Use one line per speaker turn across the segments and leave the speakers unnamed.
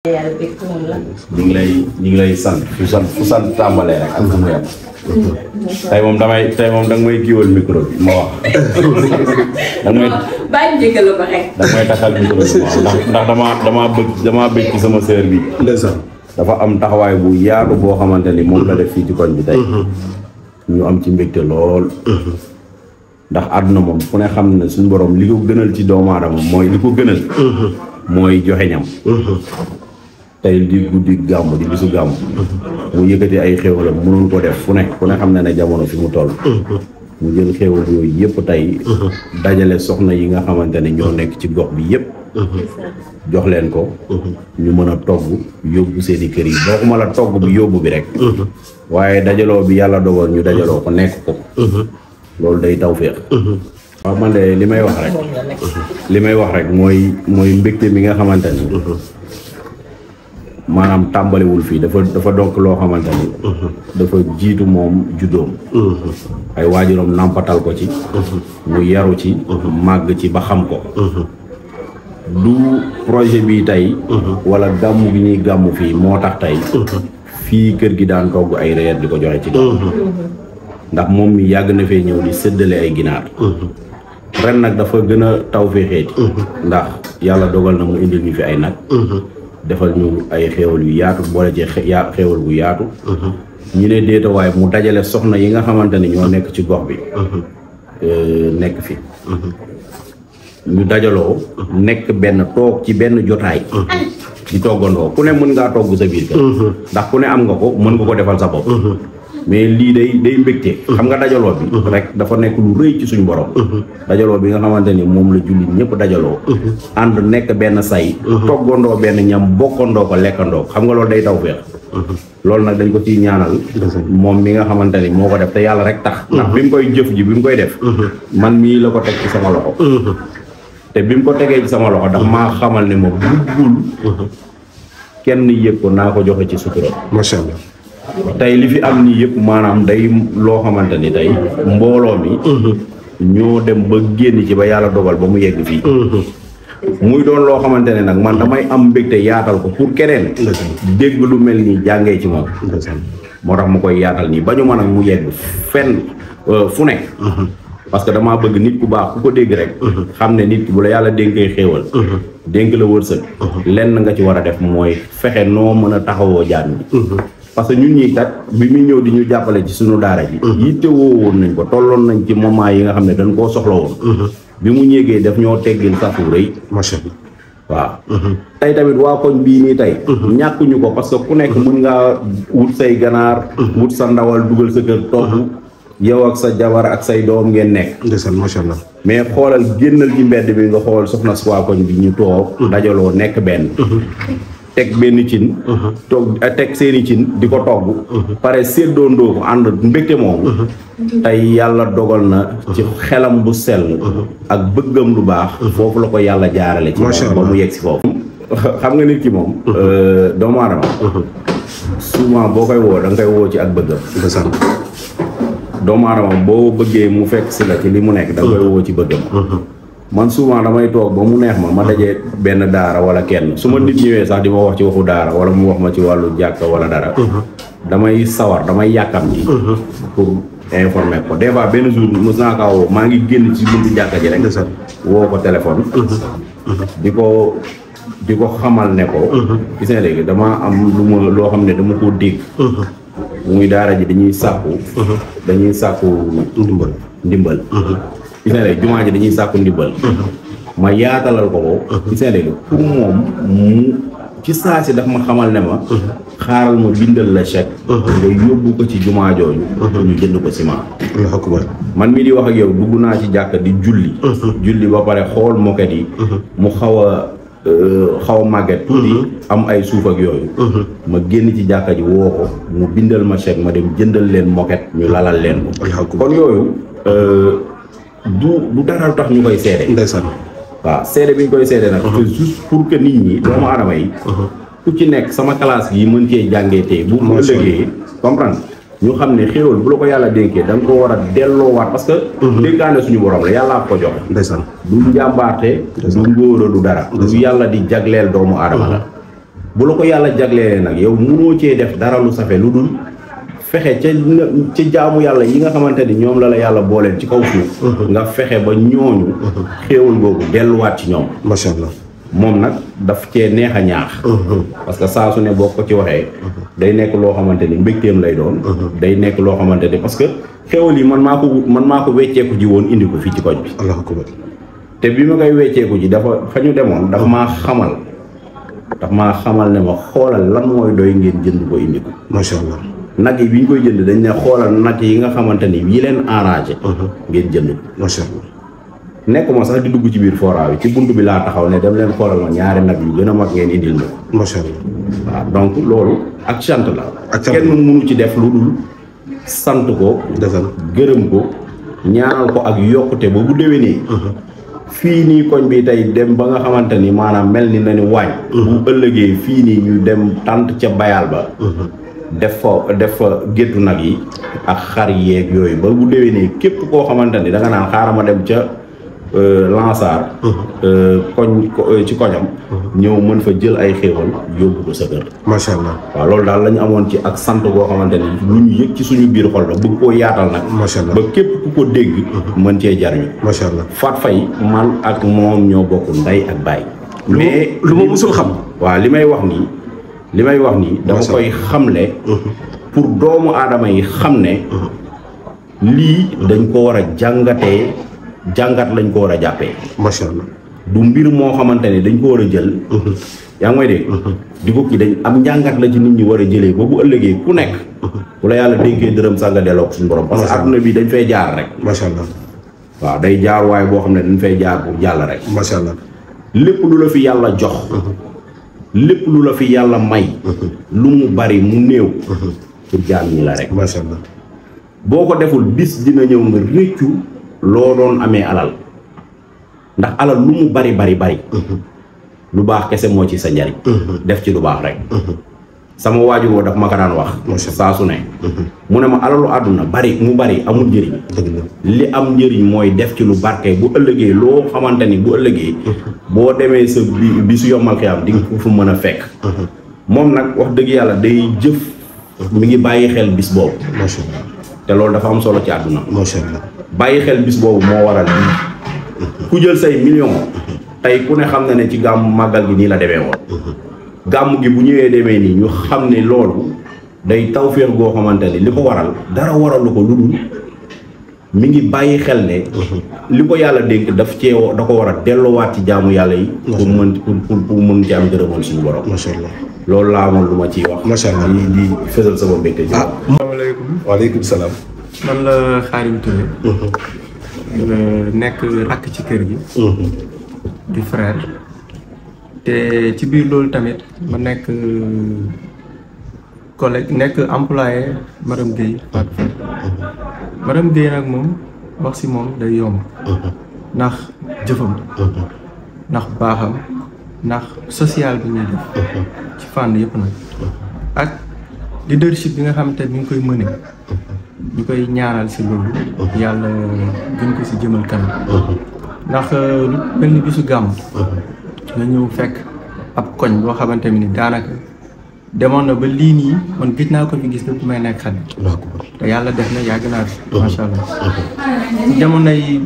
ñu ngi lay
ñu ngi lay sant fu sant fu sant tàmbalee rek ak mu yàpp tey moom damay tey moom danga may giiwal micro bi ma wax. danga may
bàyyi njëkkalu ba rek.
takkal micro bi ma wax ndax damaa bëgg damaa bëgg sama sœur bi. dafa am taxawaay bu yaatu boo xamante ni moom la def fii ci bi tey. Mhm. ñu am ci mbégte lool. Mhm. ndax àdduna moom ku ne xam ne suñu borom li ko gënal ci doomu aadama mooy li ko gënal. Mhm. mooy joxe tey di guddi gàmm di bisu gàmm mu yëkkati ay xéewalam mënoon ko def fu nekk ku ne xam na ne jamono fi mu toll mu jël xéewal yooyu yëpp tey dajale soxna yi nga xamante ne ñoo nekk ci gox bi yëpp jox leen ko ñu mën a togg yóbbu seeni kër yi boo la togg bi yóbbu bi rek waaye dajaloo bi yàlla dogal ñu dajaloo ko nekk ko loolu day taw féex waaw man de li may wax rek li may wax rek mooy mooy mbégte mi nga xamante ne maanaam tàmbaliwul fii dafa dafa donc loo xamante ni. dafa jiitu moom juddoom. ay waajuram nàmpatal ko ci. mu yaru ci. màgg ci ba xam ko. du projet bi tey. wala gàmmu bi ñuy gàmm fii moo tax tey. fii kër gi daan togg ay reer di ko joxe ci gàmmu. ndax moom mi yàgg na fee ñëw di séddale ay ginaar. ren nag dafa gën a taw fee xeeti. ndax yàlla dogal na mu indil ñu fi ay nag. defal ñu ay xéewal yu yaatu boole ci xéewal bu yaatu mhm. ñu ne déetawaay mu dajale soxna yi nga xamante ni ñoo nekk ci gox bi mhm. euh, nekk fi mhm. ñu dajaloo nekk benn toog ci benn jotaay di toggandoo ku ne mën ngaa togg sa biir kër ndax ku ne am nga ko mën nga ko defal sa bopp mais lii day day mbégte xam nga dajaloo bi mhm. rek dafa nekk lu rëy ci suñu borom mhm. dajaloo bi nga xamante ni moom la jullit ñépp dajaloo mhm. ànd nekk benn say toggandoo benn ñam bokkandoo ko lekkandoo xam nga loolu day taw feex loolu nag dañ ko ciy ñaanal moom mi nga xamante ni moo ko def te yàlla rek tax ndax bi koy jëf ji bi mu koy def man mii la ko teg ci sama loxo te bi mu ko tegee ci sama loxo ndax maa xamal ne ma buggul kenn yëg ko naa ko joxe ci sutura macha tey li fi am nii yëpp maanaam day loo xamante ni tey mbooloo mi ñoo dem ba génn ci ba yàlla dogal ba mu yegg fii muy doon loo xamante ne nag man damay am mbégte yaatal ko pour keneen dégg lu mel nii jàngee ci moom moo tax mu koy yaatal nii ba ñu man a mu yegg fenn euh, fu nekk parce que damaa bëgg nit ku baax ku ko dégg rek xam ne nit bu la yàlla dénkee xéewal dénk la wërsëg lenn nga ci war a def mooy fexe noo mën a taxawoo jaan bi parce que ñun ñii kat bi muy ñëw di ñu jàppale ci suñu daara ji mhm. yitte woo woon nañ ko tolloon nañ ci moment yi nga xam ne dañ koo soxla woon mhm. bi mu ñéegee def ñoo teggil safu rëy macha Allah waaw mhm. tey tamit waa koñ bii nii tey ñàkkuñu ko parce que ku nekk mën ngaa wut say ganaar wut sa ndawal dugal sa kër topp yow ak sa jabar ak say doom ngeen nekk ndeysaan macha Allah mais xoolal génnal ci mbedd bi nga xool soxna waa koñ bi ñu toog dajaloo nekk benn teg benn cin uh-huh. toog eh, teg seeni cin di ko togg uh-huh. pare séddoondoo ko ànd mbégte moomu uh-huh. tey yàlla dogal na ci xelam bu sel ak bëggam lu baax foofu la ko yàlla jaarale ci ba mu yegg si foofu xam nga nit ki moom euh, doomu aadama souvent boo koy woo da nga koy woo ci ak bëggam doomu boo bëggee mu fekk si la ci li mu nekk da nga koy woo ci bëggam man souvent damay toog ba mu neex ma ma dajee benn daara wala kenn su ma nit ñëwee sax di ma wax ci waxu daara wala mu wax ma ci wàllu jàkk wala dara. Uh-huh. damay sawar damay yàkkam ji. Uh-huh. pour informer ko des fois benn jour mos naa kaa woo maa ngi génn ci buntu jàkka ji rek. woo ko téléphone. Uh-huh. di ko di ko xamal ne ko. dama am lu ma loo xam ne dama koo dégg. muy daara ji dañuy sàkku. dañuy sàkku ndimbal ndimbal. gis nga léegi jumaa ji dañuy sàkku ndimbal ma yaatalal ko ko gis nga léegi pour moom mu ci saa si daf ma xamal ne ma xaaral ma bindal la chèque nga yóbbu ko ci jumaa jooju ñu jënd ko ciment man mi di wax ak yow dugg naa ci jàkka di julli julli ba pare xool moket yi mu xaw a euh, xaw a màgget tuuti am ay suuf yooyu ma génn ci jàkka ji woo ko mu bindal ma chèque ma dem jëndal leen moket ñu lalal leen ko kon yooyu euh, du du dara lu tax ñu koy seede. ndeysaan waaw seede bi ñu koy seede nag. Uh-huh. c'est juste pour que nit ñi doomu aadama yi. Uh-huh. ku ci nekk sama classe yi mën cee jàngee tey. bu mu ëllëgee comprendre ñu xam ne xéewal bu la ko yàlla dénkee da ko war a delloowaat parce que. Uh-huh. dénkaane suñu borom la yàllaa ko jox. ndeysaan du njàmbaarte. du ngóora du dara. du yàlla di jagleel doomu aadama la. bu la ko yàlla jagleelee nag yow mënoo cee def dara lu safe lu dul. fexe ca ca jaamu yàlla yi nga xamante ni ñoom la la yàlla booleel ci kaw suuf mhm. nga fexe ba ñooñu mhm. xéewal googu delluwaat ci ñoom macha allah moom nag daf cee neex a ñaax mhm. parce que saa su ne boo ko ci waxee day nekk loo xamante ni mbégteem lay doon day nekk loo xamante ni parce que xéewal yi man maa ko man maa ko wecceeku ji woon indi ko fii ci koñ bi te bi ma koy wecceeku ji dafa fa ñu demoon dafa maa xamal daf maa xamal ne ma xoolal lan mooy doy ngeen jënd ko indi ko nag yi bi ñu koy jënd dañ ne xoolal nag yi nga xamante ni yi leen arrangé. ngeen jënd. macha nekk nekkuma sax di dugg ci biir fora ci bunt bi laa taxaw ne dem leen xoolal ma ñaari nag yu gën a mag ngeen indil ma ko. macha waaw donc loolu ak sant la. ak sant kenn mënu ci def lu dul sant ko. gërëm ko ñaanal ko ak yokkute ba bu déwénee. fii nii koñ bi tey dem ba nga xamante ni maanaam mel ni na ni waañ. bu ëllëgee fii nii ñu dem tànt ca bayal ba. def fa def fa géddu nag yi ak xar yeeg yooyu ba bu déwénee képp koo xamante ni da nga naan xaaral ma dem ca euh, Lansar. Mhm. Euh, koñ euh, ci koñam. Mhm. ñëw mën fa jël ay xéewal yóbbu ko sa kër. waaw loolu daal la ñu amoon ci ak sant boo xamante ni lu yëg ci suñu biir xol la bëgg koo yaatal nag. macha ba képp ku ko dégg. Mhm. mën cee jariñu. macha allah Fat Faye man ak moom ñoo bokk ndey ak baay. mais lu ma musul xam. waaw li may wax nii. li may wax nii dama koy xamle pour doomu aadama yi xam ne lii dañ ko war a jàngatee jàngat lañ ko war a jàppee macha allah du mbir moo xamante ne dañ ko war a jël mhm. yaa ngi may dégg mhm. di ko kii dañ am njàngat la ci nit ñi war a jëlee ba bu ëllëgee ku nekk mhm. bu la yàlla dénkee dërëm sax delloo ko suñu borom parce que adduna bii dañ fay jaar rek macha allah waaw day jaar waaye boo xam ne dañ fay jaar bu jàll rek macha lépp lu la fi yàlla jox lépp lu la fi yàlla may. Mhm. lu mu bari mu néew. Mhm. pour jaam ñi la rek. macha allah boo ko deful bis dina ñëw nga réccu loo doon amee alal ndax alal lu mu bari bari bari. Mhm. lu baax kese moo ci sa njariñ. def ci lu baax rek. sama waajur woo daf ma ko daan wax saa su ne mhm. mu ne ma alalu àdduna bari mu bari amul njëriñ li am njëriñ mooy def ci lu barke bu ëllëgee loo xamante ni bu ëllëgee mhm. boo demee sa bi bi su yombal xiyam di nga ko fu mën a fekk mhm. moom nag wax dëgg yàlla day jëf mu ngi bàyyi xel bis boobu macha te loolu dafa am solo ci àdduna bàyyi xel bis boobu moo waral ku jël say million tey ku ne xam na ne ci gàmmu màggal gi nii la demee woon gàmm gi bu ñëwee demee nii ñu xam ne loolu day tawféex goo xamante ne li ko waral dara waralu ko lu dul mi ngi bàyyi xel ne. Mhm. li ko yàlla dénk daf cee da ko war a ci jaamu yàlla yi. pour mën pour pour mën ci am gërëmal suñu borom. macha allah loolu laa amoon lu ma ciy wax. macha allah di di fësal sama mbégte. ah asalaamaaleykum. waaleykum salaam.
man la Xaadim Touré. Mhm. Euh, nekk rakk ci kër gi. Mhm. di frère. te ci biir loolu tamit ma nekk euh, collègue nekk employé madame Guèye Fatou Faye nag moom wax si moom day yomb ndax jëfam ndax baaxam ndax social bi fànn yëpp nag ak leadership bi nga xam te mi ngi koy mëne ñu koy ñaanal si loolu yàlla gën ko si jëmal kanam ndax euh, lu mel ni bisu la ñëw fekk ab koñ boo xamante ni daanaka demoon na ba lii nii man gis naa ko fi gis lépp may nekk xale. te yàlla def na yàgg naa fi. macha allah. si jamonoy.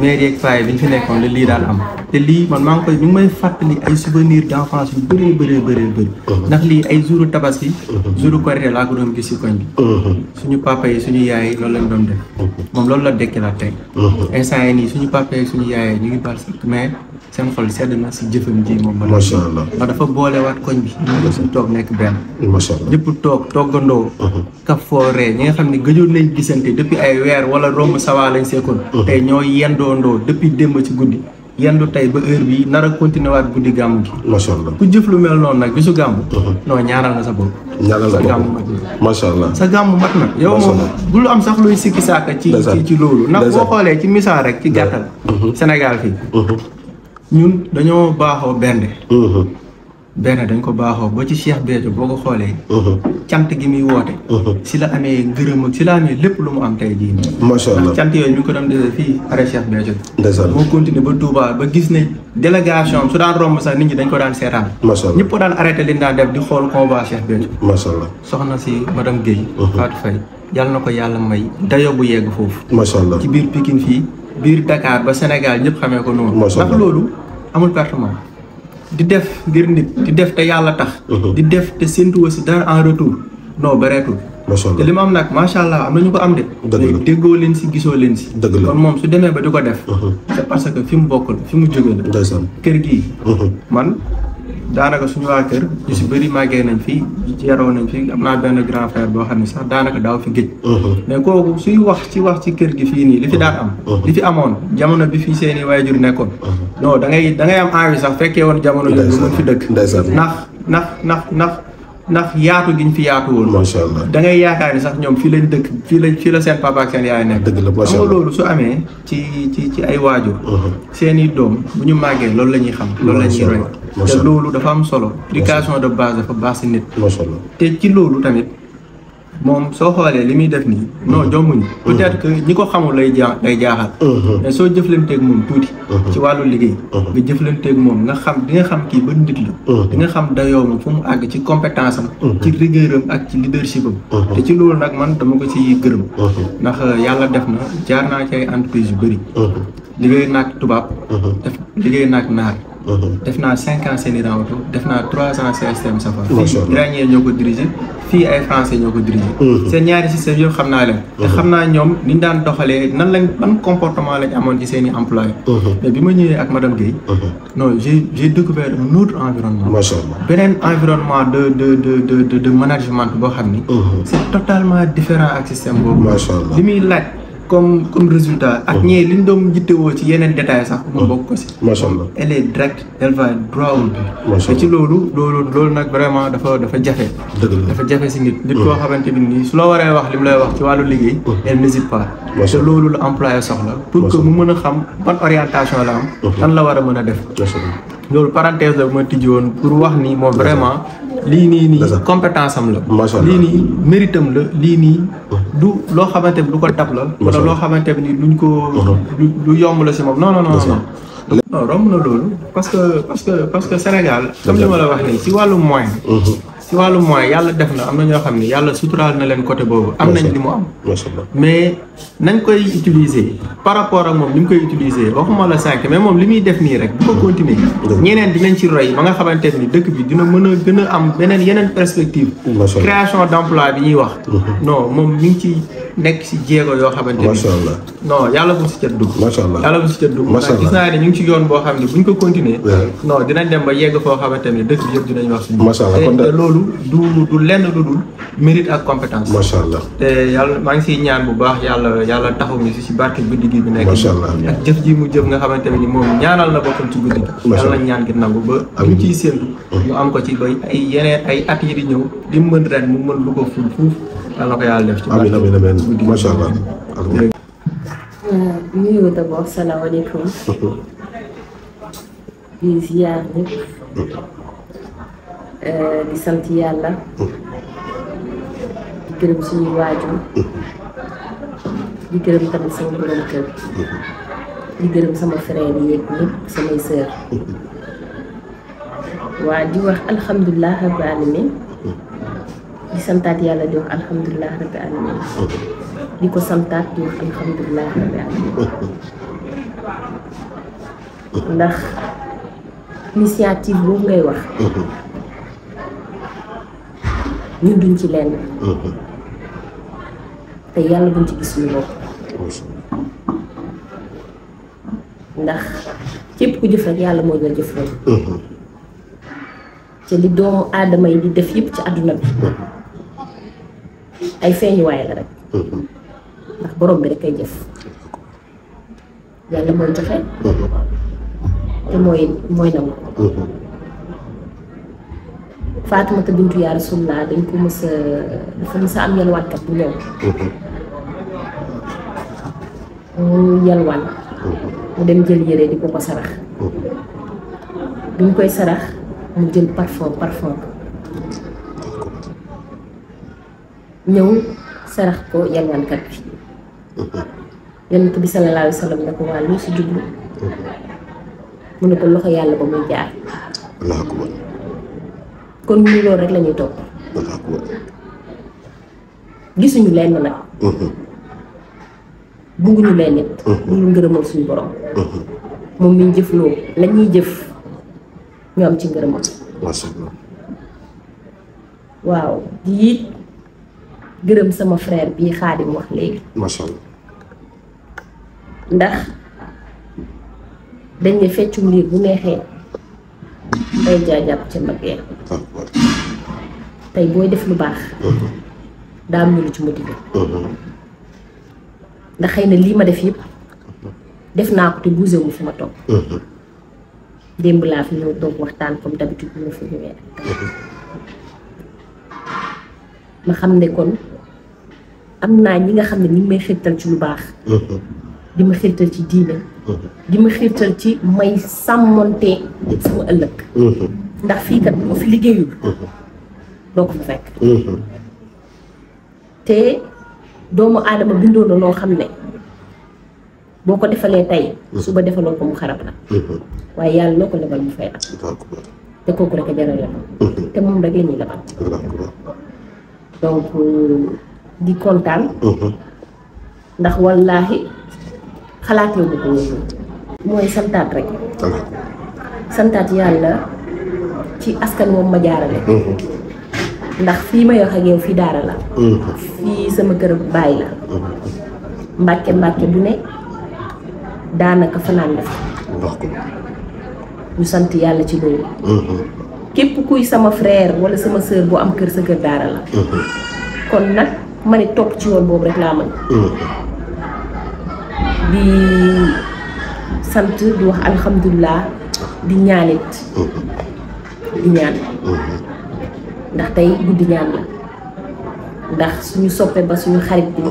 mère yeeg paa yi bi ñu fi nekkoon la lii daan am. te lii man maa ngi koy ñu ngi may fàttali ay souvenirs d'enfance yu bëree bëree bëree bëri. ndax lii ay jouru tabaski. jouru korité laa ko doon gis si koñ bi. suñu papa yi suñu yaay yi loolu lañ doon def. moom loolu la dekki la tey. instant yi nii suñu papa yi suñu yaay yi ñu ngi bal mais. seen xol sedd na si jëfam ji moom ma macha allah ndax dafa boolewaat koñ bi suñ toog nekk benn macha allah ñëpp toog toggandoo uh-huh. ka fooree ñi nga xam ne gëjoon nañ gisante depuis ay weer wala romb sawaa lañ seekoon uh-huh. tey ñoo yendoondoo depuis démb ci guddi yendu tey ba heure bi nar a continuer guddi gàmm gi macha allah ku jëf lu mel noonu nag su gàmm uh-huh. non ñaaral nga sa bopp ñaaral sa gàmm mat na macha sa gàmm mat na yow moom bu lu am sax luy sikki saaka ci ci loolu ndax boo xoolee ci misaal rek ci gàttal Sénégal fii ñun dañoo baaxoo bernde. Mm-hmm. bernde dañ ko baaxoo ba ci Cheikh Béthio boo ko xoolee. Mm-hmm. cant gi muy woote. Mm-hmm. si la amee gërëm ak si la amee lépp lu mu am tey jii. macha allah cant yooyu ñu ko doon defee fii arrêt Cheikh Béthio. ndeysaan moo continué ba Touba ba gis ne délégation am su daan romb sax nit ñi dañ ko daan seetaan. macha allah ñëpp ko daan arrêté daa ñu def di xool convoi Cheikh Béthio. macha allah soxna si madame Guèye. Fatou Faye yàlla na ko yàlla may dayoo bu yegg foofu. macha allah ci biir Pikine fii. biir Dakar ba Sénégal ñëpp xamee ko noonu. ndax loolu amul pertement di def ngir nit di def te yàlla tax. Mhm. di def te séntu si dara en retour noo bareetul. te li ma am nag macha allah am na ñu ko am de. dëgg déggoo leen si gisoo leen si. dëgg kon moom su demee ba di ko def. Mhm. c'est parce que fi mu bokk la fi mu jóge la. kër gi mhm. man. daanaka suñu waa kër ñu si bëri màggee añ fi yaroo nañ fi am naa benn grand frère boo xam ne sax daanaka daaw fi géej mhm. mais kooku wax ci wax ci kër gi fii nii li fi daan am mhm. li fi amoon jamono bi fii seeni waajur nekkoon mhm. non da ngay da ngay am envie sax fekkee woon jamono yooyu mën fi dëkk ndax ndax ndax ndax ndax yaatu gi ñu fi yaatu woon. macha allah da ngay sax ñoom fii lañ dëkk fii lañ fii la seen papa ak seen yaay nekk. dëgg la macha allah loolu su amee ci ci ci ay waajur. Uh-huh. seen i doom bu ñu màggee loolu la ñuy xam. loolu la ñuy roy te loolu dafa am solo. éducation de base dafa baax si nit. te ci loolu tamit. moom soo xoolee li muy def nii non mm-hmm. jommuñu mm-hmm. peut-être que ñi ko xamul lay jaa lay jaaxal mm-hmm. mais soo jëflanteeg moom tuuti ci wàllu liggéey nga jëflanteeg moom nga xam di nga xam kii ba nit la di nga xam dayoom fu mu àgg ci compétence am ci rigueur ak ci leadership am te ci loolu nag man dama ko ci gërëm ndax yàlla def ma jaar naa ci ay entreprise yu bëri liggéey naag tubaab liggéey naag naar Mm-hmm. def naa cinq ans seen i rawatou def naa trois ans CSTM Safar. macha allah fii Iranien ñoo ko diriger fii ay français ñoo ko diriger. Mm-hmm. seen ñaari système yëpp xam naa leen. te mm-hmm. xam naa ñoom ni ñu daan doxalee nan lañ ban comportement lañ amoon ci seen i employé. mais bi ma ñëwee ak madame Guèye. non j'ai j'ai découvert un autre environnement. beneen environnement de de de de de management boo xam ni. c'est totalement différent ak système boobu. macha allah li muy laaj. comme comme résultat. ak ñii li ñu doon jittewoo ci yeneen détails sax. mu mhm. bokk ko si. macha allah elle est directe elle va droit au ci loolu loolu loolu nag vraiment dafa dafa jafe. dafa jafe si ngit nit mhm. koo xamante bi nii su la waree wax li mu lay wax ci wàllu liggéey. Mhm. elle n'hésite pas. te loolu lu employé soxla. pour que mu mën a xam man orientation la am. lan la war a mën a def. loolu parenthèse la bu ma tijji woon pour wax ni moom vraiment lii nii nii compétence am la lii nii mérite am la lii nii du loo xamante lu ko dab la wala loo xamante ni luñ ko uh-huh. lu yomb la si moom non non romb na loolu parce que parce que parce que Sénégal comme li ma la wax nii si wàllu moyen uh-huh. si wàllu moyen yàlla def na am na ñoo xam ne yàlla suturaal na leen côté boobu. am nañ li mu am. mais nañ koy utiliser. par rapport ak moom ni mu koy utiliser waxuma la sànq mais moom li muy def nii rek bu ko continuer. ñeneen dinañ ci roy ba nga xamante ni dëkk bi dina mën a gën a am beneen yeneen perspective. création d' emploi bi ñuy wax. Mhm. non moom mi ci nekk si jéego yoo xamante ni macha allah non yàlla bu si cat dugg macha allah yàlla bu si cat dugg macha allah gis naa ne ñu ngi ci yoon boo xam ne bu ñu ko continuer non dinañ dem ba yegg foo xamante ne dëkk bi yëpp dinañ wax suñu macha allah kon te loolu du du lenn lu dul mérite ak compétence macha allah te yàlla maa ngi siy ñaan bu baax yàlla yàlla taxu ñu si si barke guddi gi bi nekk macha allah ak jëf mu jëf nga xamante ne moom ñaanal na boppam ci guddi gi yàlla lañ ñaan gi nangu ba ñu ciy séentu mm. ñu am ko ci ba ay yeneen ay at yi di ñëw mën ren mu mën lu ko ful fuuf yàlla na ko yàlla def ci bàq. macha allah.
Euh, nuyu d'abord salaamaaleykum. di ziar ñëpp. Euh, di sant yàlla. di gërëm suñu waajur. di gërëm tamit sama borom kër. di gërëm sama frère yi samay sœur. waa di wax alhamdulilah rabbil alamin di santaat yàlla di wax alhamdulilah rabbi alamin di ko santaat di wax alhamdulilah rabbi alamin ndax wax duñ ci lenn te yàlla buñ ci gis ndax képp ku jëf rek yàlla moo jël jëf rek ca mm-hmm. doomu aadama yi di def yëpp ci àdduna bi ay feeñuwaay la rek mm-hmm. ndax borom bi rek kay jëf yàlla mooy joxe mm-hmm. te mooy mooy nangu mm-hmm. Faatumata bintu yaa Rasulullah dañ ko mës a dafa mës a am yalwaankat bu ñëw mu yalwaan mu dem jël yére di ko ko sarax bi koy sarax mu jël parfum parfum ñëw sarax ko yalwaankat bi yonent bi salallaahu alayhi wa sallam ne waa lu si jublu mu ne ko loxo yàlla ba muy jaar allahu akbar kon ñu loolu rek la ñuy topp gisuñu lenn nag mhm. bugguñu leen nit mhm. lu ngërëmal suñu borom mhm. moom miñ jëf loo la ñuy jëf ñu ci ngërëmal waaw di gërëm sama frère bii xaadim wax léegi. macha ndax dañ ne feccum liir bu neexee mooy jaajàpp ci mag yeex tey booy def lu baax. Uh-huh. daa am ñu lu ci uh-huh. ndax xëy na lii ma def yëpp def naa ko te bougé fi ma toog. Uh-huh. démb laa fi ñëw toog waxtaan comme d'habitude ñu fi ñëwee ak ma xam ne kon. am naa ñi nga xam ne ni may xirtal ci lu baax mhm. di ma xirtal ci diine mhm. di ma xirtal ci may sàmmonte mhm. sama ëllëg ndax fii kat bu fi liggéeyul doo ko fa fekk te doomu aadama bindoo na loo xam ne boo ko defalee tey suba defaloo ko mu xarab na waaye yàlla loo ko lebal mu fay am te kooku rek jaral lebal te moom rek la ñuy lebal di kontaan. Mhm. ndax wallaahi xalaatee bu ko woon mooy santaat rek. santaat yàlla ci askan moom ma jaarale. Mhm. ndax fii may wax ak fii daara la. Mhm. fii sama kër bàyyi la. mbàkke mbàkke bu ne daanaka fanaan def ñu sant yàlla ci loolu. képp kuy sama frère wala sama sœur boo am kër sa kër daara la. kon nag. ma ne topp ci yoon boobu rek laa sant di wax alhamdulilah di ñaanit di ñaan. ndax tey guddi ñaan la ndax suñu soppe ba suñu xarit bi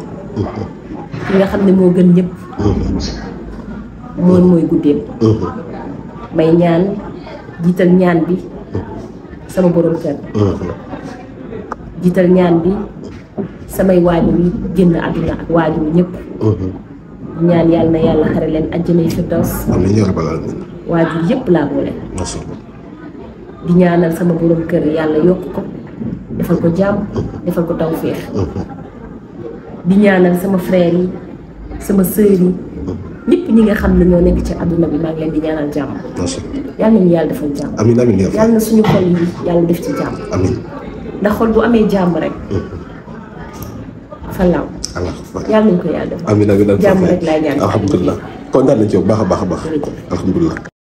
ki nga xam ne moo gën ñëpp. moom mooy guddeem. may ñaan jiital ñaan bi sama borom kër. jiital ñaan bi. samay waajur yi génn àdduna ak waajur ñëpp. Mhm. yàlla na yàlla leen àjjana yi firdaws. amiin yaa rabbal aalamiin. laa boole. di ñaanal sama borom kër yàlla yokk ko defal ko jàmm mhm. defal ko tawféex. Mhm. di ñaanal sama frère yi sama sœur yi. ñi nga xam ne ñoo nekk ci àdduna bi maa ngi leen di ñaanal jàmm. yàlla nañu yàlla defal jàmm. amiin amiin yàlla na suñu ndax xol bu amee jàmm rek. Fallaaw. yàlla nañu ko yàlla
def. amiin amiin jàmm rek laay ñaan. alhamdulilah kontaan nañu ci yow baax a baax a baax. alhamdulilah.